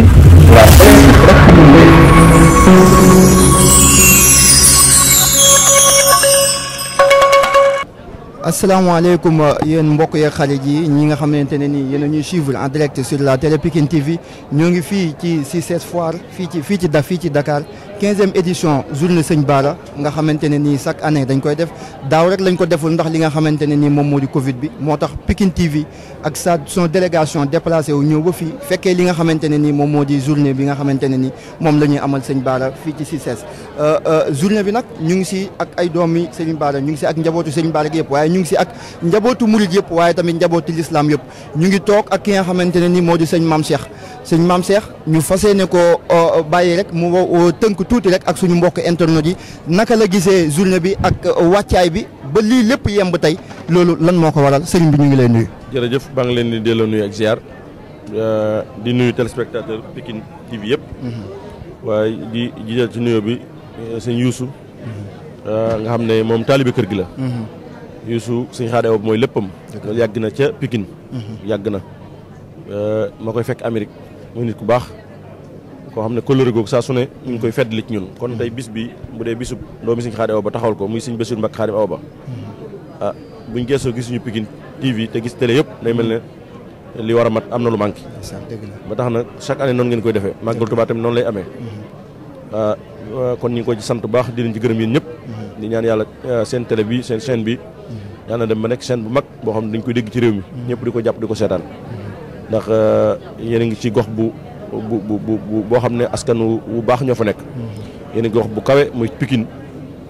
la peine asalaamaaleykum euh, yéen mbokk yeeg xarit yi ñi nga xamante ne nii yéen suivre en direct sur la télé Pikine TV ñoo ngi fii ci 6 cette foire fi ci fi ci da fii ci Dakar 15e édition journée Sëñ Bara nga xamante ni chaque année dañ koy def daw rek lañ ko deful ndax li nga xamante ni mom modi Covid bi motax pikin TV ak sa son délégation déplacé wu ñëw ba fi féké li nga xamante ni mom modi journée bi nga xamante ni mom lañuy la ñuy amal Sëñ Bara fii ci CICES euh, euh, journée bi nak ñu ngi ci ak ay doomi Sëñ Bara ñu ngi ci ak njabootu Sëñ Bara gi yëpp ñu ngi ci ak njabootu murid yépp waye tamit njabootu l'islam yépp ñu ngi tok ak ki nga xamante ni modi moo di Cheikh sëñ maam Cheikh ñu fas yéene ko bàyyi rek mu tënk tuuti rek ak suñu mbokk internet yi naka la gisee journée bi ak wàccaay bi ba lii lépp yemb tey loolu lan moo ko waral sëñ bi ñu ngi lay nuyu. jërëjëf ba ngi leen di delloo nuyu ak ziar euh, di nuyu téléspectateur Pikine TV yëpp. Mm-hmm. waaye di jiital ci nuyoo bi euh, sëñ Youssou. Mm-hmm. Euh, nga xam ne moom taalibe kër gi la. Mm-hmm. Youssou sëñ Xaadim mooy léppam. yàgg na ca Pikine. yàgg na ma koy fekk Amérique. muy nit ku bax ko xamne ne kóllëre sa suné ñu koy koy li ci ñun kon tay bis bi bu dé bisub do mi seigne khadim awba taxawal ko muy seigne bassir mbak khadim awba ah buñu gesso gis ñu Pikine TV te gis télé yépp day mel li wara mat amna lu manki ba tax na chaque année non ngeen koy défé magal Tuubaa tam non lay amé mhm. ah kon ñu ko ci sante bax di leen ci gërëm yéen ñëpp mhm. di ñaan yalla ah, seen télé bi seen chaîne bi mhm. yalla dem ba nek chaîne bu mag bo xamne dañ koy dégg ci réew mi ñëpp diko japp diko di ndax euh, yéen a ngi ci gox bu bu bu boo xam ne askan wu baax ñoo fa nekk. Mm-hmm. yéen gox bu kawe muy Pikine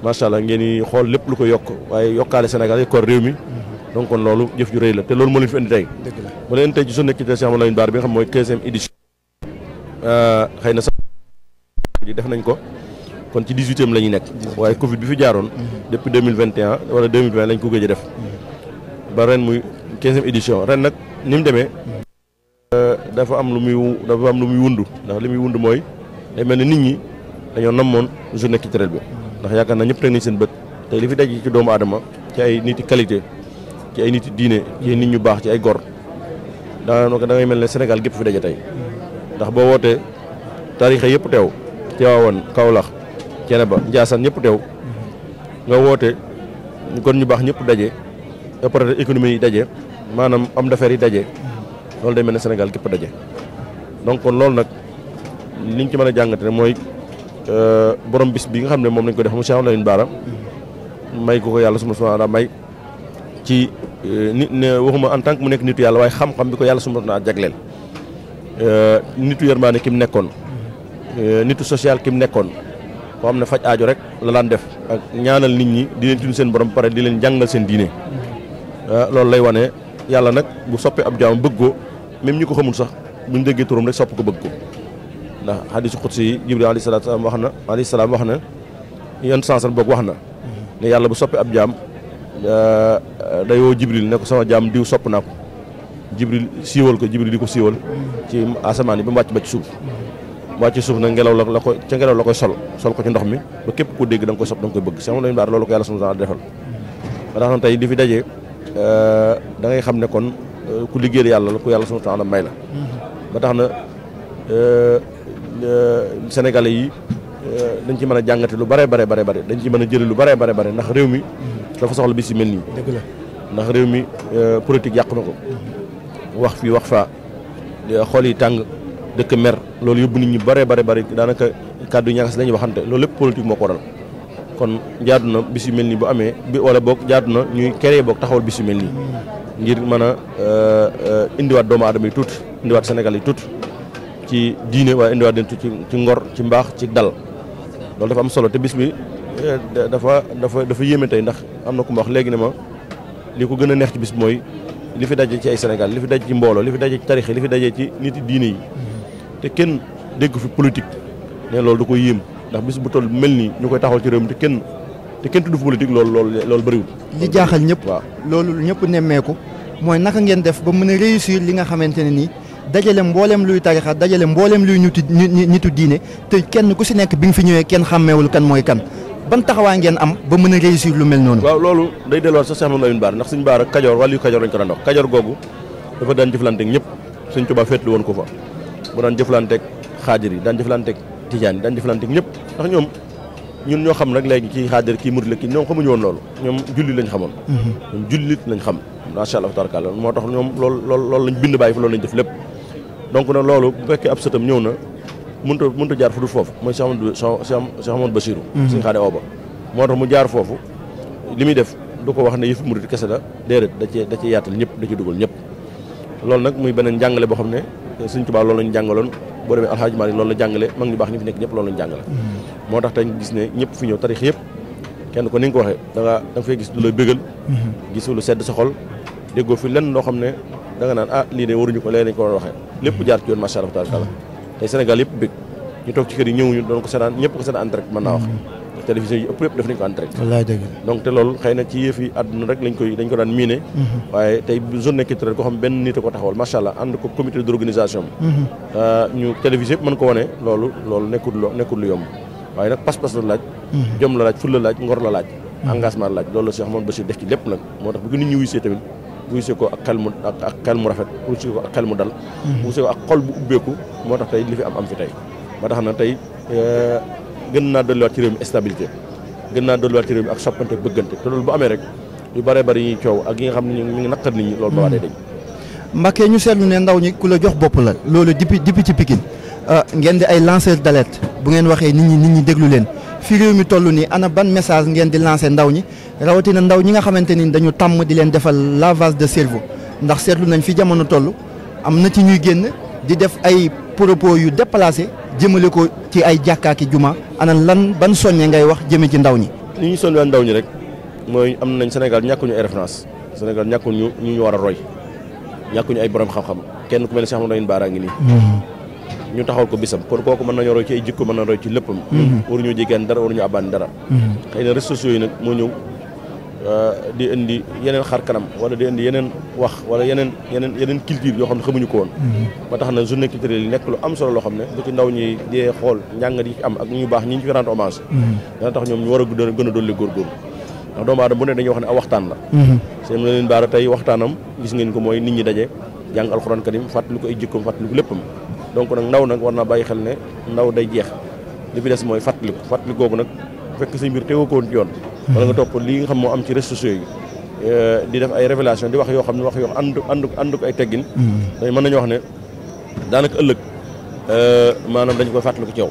macha allah ngeen yi xool lépp lu ko yokk waaye yokkaale Sénégal yi koor réew mi. Mm-hmm. donc kon loolu jëf ju rëy la te loolu moo leen fi indi tey. dëgg la mu leen tey ci sunu équipe Cheikh Malamine Bara bi nga xam mooy 15e euh, xëy na sax di def nañ ko kon ci 18e la ñuy nekk. waaye Covid bi fi jaaroon. Mm-hmm. depuis 2021 wala 2020 lañ ko gëj a def. ba ren muy 15e édition ren nag ni mu demee. Eh, dafa am lu muy dafa am lu muy wundu ndax limi wundu moy day melni nit ñi dañoo namoon journée culturelle bi ndax yaaka na ñepp teg ni seen bëtt tey li fi dajji ci doomu adama ci ay nit qualité ci ay nit diiné ci ay nit ñu baax ci ay gor da na ko da ngay melni Sénégal gépp fi daje tay ndax boo wootee tarixa yëpp wawon kaolax kene ba ndiasan ñëpp tew nga woote kon ñu baax ñepp dajje opérateur économie yi daje maanaam am dafer yi dajje Lol day melni senegal kep dajé donc kon loolu nak li mana ci mëna a jàngate ne euh, borom bis bi nga xamné mom lañ ko def mu Cheikh Lamine Bara may ko ko yalla suma subhanahu wa taala may ci euh, nit ne waxuma en tant que mu nek nitu yalla way xam-xam bi ko yàlla suma jaglél euh nitu yermane kim nekkon euh nitu social kim nekkon ko xamné fajj ne faj aajo rek la lan def ak ñaanal nit ñi di leen tun seen borom pare di leen jàngal seen euh lol lay wone yalla nak bu soppee ab jaam même ñi ko xamul sax buñ déggee turam rek sopp ko bëgg ko ndax xadisu xudsi yi jibril alayhi wax na alayhi salaam wax na yan sansan boog wax na ne yàlla bu soppee ab jaam euh, dayoo jibril ne ko sama jaam diw sopp naa ko jibril siiwal ko jibril di ko siiwal ci asamaan yi ba mu wàcc ba ci suuf wàcc suuf nag ngelaw la la ko ca ngelaw la koy sol sol ko ci ndox mi ba képp ko dégg da nga koy sopp da nga koy bëgg sama lañu baar loolu ko yàlla sunu defal ba tax na tey di fi dajee euh, da xam ne Euh, ku liggéeyal yàlla la ku yàlla subhaanahu wa taala may la ba tax na euh, euh, sénégalais yi dañ ci mën a jàngate lu bare bare bare bare dañ ci mën a jëli lu bare bare bare ndax réew mi dafa soxla bis yu mel nii ndax réew mi politique yàq na ko wax fii wax faa xool yi tàng dëkk mer loolu yóbbu nit ñi bare bare bare daanaka kàddu ñagas la ñuy waxante loolu lépp politique moo ko waral kon jaadu na bis yu mel nii bu amee bi wala boog jaadu na ñuy keree boog taxawal bis yu ngir mën a euh, euh, indiwaat doomu aadama yi tuut indiwaat senegal yi tuut ci diine waaye indiwaat leen tuut ci ngor ci mbaax ci dal loolu dafa am solo te bis bi euh, dafa dafa dafa yéeme tey ndax am na ku ma wax léegi ne ma li ko gën a neex ci bis mooy li fi daje ci ay senegal li fi daje ci mbooloo li fi daje ci tarix li fi daje ci nit yi diine yi te kenn dégg fi politique ne loolu du koy yéem ndax bis bu toll mel nii ñu koy taxawal ci réew mi te kenn te kenn tudd politique lool lool loolu bëriwul. li jaaxal ñëpp lool loolu ñëpp nemmeeku mooy naka ngeen def ba mën a réussir li nga xamante ni dajale mboolem luy tarixa dajale mboolem luy ñuti ñitu diine te kenn ku si nekk bi nga fi ñëwee kenn xàmmeewul kan mooy kan ban taxawaay ngeen am ba mën a réussir lu mel noonu. waaw loolu day delluwaat sa Cheikh Mamadou Baar ndax suñu baar ak Kajoor wàllu Kajoor lañ ko daan dox Kajoor googu dafa daan jëflanteeg ñëpp suñ Tuubaa féetlu woon ko fa bu daan jëflanteeg xaadir yi daan jëflanteeg tijaan yi daan jëflanteeg ñëpp ndax ñoom ñun ñoo xam nag léegi kii xaadir kii murid la kii ñoom xamuñu woon loolu ñoom julli lañ xamoon mhm. ñoom jullit lañ xam macha moo tax ñoom loolu loolu loolu lañ bind bàyyi fi loolu lañ def lépp donc nag loolu bu fekkee ab sëtam ñëw na mënut a mënut a jaar fu dul foofu mooy Cheikh Amadou Cheikh Amadou Bassirou mhm. suñu xaade ooba moo tax mu jaar foofu li muy def du ko wax ne yëfu murid kese da déedéet da cee da cee yaatal ñëpp da ci dugal ñëpp loolu nag muy beneen njàngale boo xam ne Sëriñ Tuubaa loolu lañ jàngaloon boo demee alxaaji Maalik loolu la jàngale mag ñu baax ñu fi nekk ñëpp loolu lañ jàngale mm-hmm. moo tax tey gis ne ñëpp fi ñëw tarix yëpp kenn ko ni ko waxee da nga da nga gis du la bégal mm-hmm. gisu lu sedd sa xol déggoo fi lenn loo xam ne da nga naan ah lii de waruñu ko léeg lañ ko doon mm-hmm. lépp jaar ci yoon macha allah taala tey Sénégal yëpp bég ñu toog ci kër yi ñëwuñu doon ko seetaan ñëpp ko seetaan en direct mën naa wax télévision yi ëpp lépp def nañ ko en donc te loolu xëy na ci yëf yi àdduna rek lañ koy dañ ko daan miine mhm. waaye tey journée culturelle koo xam benn nit a ko taxawal macha allah ànd ko comité d'organisation mhm. euh, ñu télévision yëpp mën ko wane loolu loolu nekkul lu yomb waaye nag pas-pas la laaj mhm. jom la laaj ful la laaj ngor la laaj engagement laaj loolu la Cheikh Mouhamed Bachir def ci lépp nag moo tax bu nit ñi wuysee tamit wuysee ko ak xel mu rafet wuysee gën naa dolliwaat ci réew mi stabilité gën naa dolliwaat ci réew mi ak soppante bëggante te bu amee rek yu bare bari ñuy coow ak yi nga xam ne ñu ngi naqar nit ñi loolu ba waatee dañ Mbacké ñu seetlu ne ndaw ñi ku la jox bopp la loolu depuis depuis ci Pikine euh, ngeen di ay lanceur d'alerte bu ngeen waxee nit ñi nit ñi déglu leen fi réew mi toll nii ana ban message ngeen di lancé ndaw ñi rawatina ndaw ñi nga xamante ni dañu tàmm di leen defal lavage de jëmale ko ci ay jàkkaaki juma ana lan ban soññe gay wax jëme ci ndaw ñi. li ñu soññee ndaw ñi rek mooy am nañ Sénégal ñàkkuñu ay référence Sénégal ñàkkuñu ñu ñu war a roy ñàkkuñu ay borom xam-xam kenn ku mel ne Cheikh Mouhamadou Bara ngi nii. Mm-hmm. ñu taxawal ko bisam kon kooku mën nañoo roy ci ay jikko mën na roy ci léppam. Mm-hmm. waruñu jigéen dara waruñu abaan dara. Mm-hmm. xëy na réseaux sociaux yi Euh, di indi yeneen xar kanam wala di indi yeneen wax wala yeneen yeneen yeneen culture yoo xam ne xamuñu ko woon. Mhm. ba tax na journée culturelle yi nekk lu am solo loo xam ne bu ci ndaw ñi dee xool njàngat yi ci am ak ñu baax ñu ci mhm. ñu war a gën a dolli góorgóorlu ndax doomu aadama bu ne dañuy wax ne aw waxtaan la. seen la leen baara tey ko mooy nit ñi daje jàng alxuraan karim fàttali ko ay jikkoom fàttali ko léppam donc nag ndaw nag war naa bàyyi xel ne ndaw day jeex li fi des mooy fàttaliku fàttali googu nag fekk sa mbir teewoo ko woon yoon wala nga topp lii nga xam moo am ci réseaux yi eh, di def ay révélation di wax yoo xam ne wax yoo ànd ànd ànd ko ay teggin dañ mm-hmm. mën nañu wax ne daanaka ëllëg eh, maanaam dañ koy fàttaliku ci yow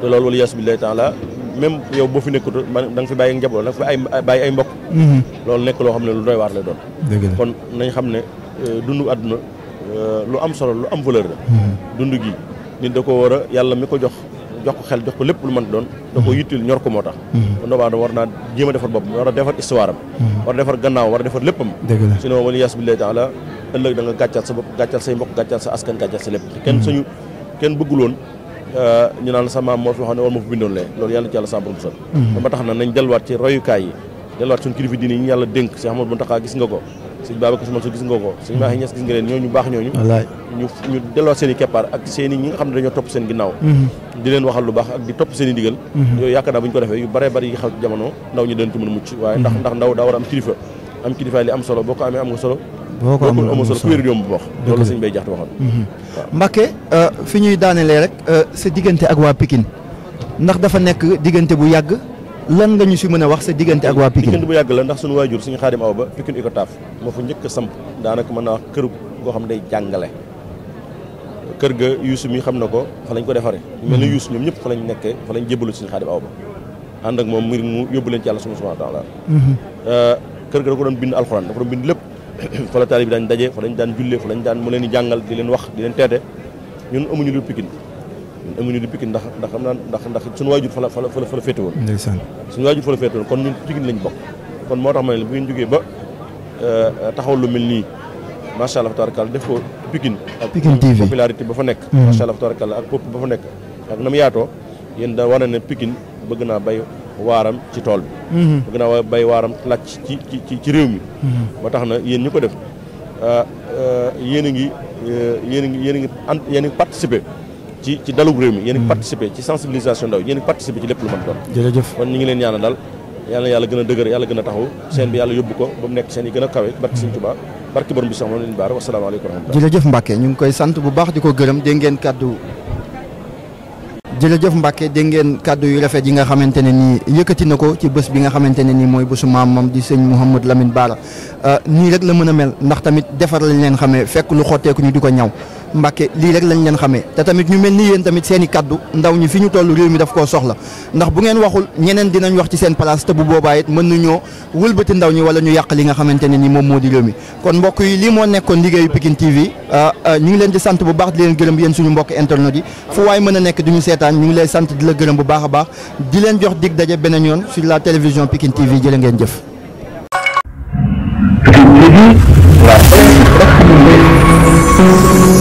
te loolu wala yas billahi taala même yow boo fi nekkut da nga fi bàyyi njaboot da nga fi ay bàyyi ay mbokk mm-hmm. loolu nekk loo xam ne lu doy waar lay doon kon nañ xam ne eh, dund àdduna lu am solo lu am valeur la mm-hmm. dund gi nit da ko war yàlla mi ko jox jox ko xel jox ko lépp lu mën doon da ko yittil ñor ko moo tax mhm. ndoobaa war naa jéem a defar boppam war a defar histoire am mhm. war a defar gannaaw war a defar léppam sinon wala yaas billahi taala ëllëg da gàccal sa bopp gàccal sa askan gàccal sa lépp mhm. kenn suñu kenn bëgguloon euh, ñu naan sa maam moo fi waxoon ne war ma fa bindoon lee loolu yàlla ci yàlla sa borom sal dama tax na nañ delluwaat ci royukaay yi delluwaat suñu kilifa diine yi ñu ko sëñ Babacar Si Mansour gis nga ko sëñ Mahi Niass gis nga leen ñooñu baax ñooñu ñu ñu delloo seen i keppaar ak seen i ñi nga xam ne dañoo topp seen ginnaaw mhm. di leen waxal lu baax ak di topp seen digal mhm. yooyu yaakaar naa bu ñu ko defee yu bare bari yi xaw jamono ndaw ñu dañ ci mën a mucc waaye ndax mhm. ndax ndaw daa war a am kilifa am kilifa li am solo boo ko amee am nga solo boo ko amoo solo ku wér yomb bu wax loolu sëñ bay jaxte waxal Mbacké fi ñuy lan nga ñu si mën a wax sa diggante ak waa Pikine. Pikine bu yàgg la ndax suñu waajur suñu xaadim aw ba Pikine Icotaf moo fa njëkk a samp daanaka mën naa wax kër goo xam day jàngale kër ga Youssou mi xam na ko fa lañ ko defaree mel ni hmm. Youssou ñoom ñëpp fa lañ nekkee fa lañ jébbalu suñu xaadim aw ba ànd ak moom mbir mu yóbbu leen ci yàlla subhanahu wa hmm. euh, kër ga da ko doon bind alxuraan da ko bind lépp fa la taalibe bi daañ daje fa lañ daan jullee fa lañ daan mu leen di jàngal di leen wax di leen teete ñun amuñu lu amuñu di Pikine ndax ndax xam naa ndax ndax suñu waajur fa la fa la suñu waajur fa la féete kon moo tax ma ne bu ngeen jógee ba euh, taxaw lu mel nii macha allah tabaarkalla def ko Pikine ak popularité ba fa nekk mhm. macha allah tabaarkalla ak pop ba fa nekk ak na ne Pikine bëgg naa bay waaram ci tool bi mhm. bëgg naa bay waaram laaj ci ci ci réew mi mhm. ba tax na yéen ñu ko def euh, euh, yéen a ngi a ngi yéen a ngi a ngi participer ci ci dalu rew mi yéen a ngi hmm. ci sensibilisation ndaw yéen a ngi ci lepp lu man doon jeuf kon ñi ngi leen ñaanal dal yalla yalla gëna a yalla gëna a taxaw seen bi hmm. yalla yobbu ko bu mu nekk seen yi gëna a barki seigne touba barki borom bi sax mo leen salaamu alaykum wa jere jeuf mbacké ñu ngi koy sant bu baax di gëreem de ngeen kaddu jere jeuf mbacké de ngeen kaddu yu rafet yi nga xamantene ni yëkëti nako ci bëss bi nga xamantene ni moy bëssu bésu di seigne mohammed Lamine Bara euh, ni rek la mëna a mel ndax tamit défar lañ leen xamé fekk lu xotteeku ñu diko ñaw Mbacke li rek lañ leen xamé té tamit ñu melni yeen tamit seeni kaddu ndaw ñi fi ñu toll réew mi daf ko soxla ndax bu ngeen waxul ñeneen dinañ wax ci seen place té bu boba yit mënu ñoo wulbeuti ndaw ñi wala ñu yaq li nga xamanteni ni mom modi réew mi kon mbokk yi li mo nekkon liggéeyu pikin TV euh ah, ah, ñu ngi leen di sante bu baax di leen gëreem yeen suñu mbokk internet yi fu way mëna nekk duñu sétane ñu ngi lay sante di la gëreem bu baax baax di leen jox dig dajé benen yoon sur la télévision pikin TV jël ngeen jëf Thank you.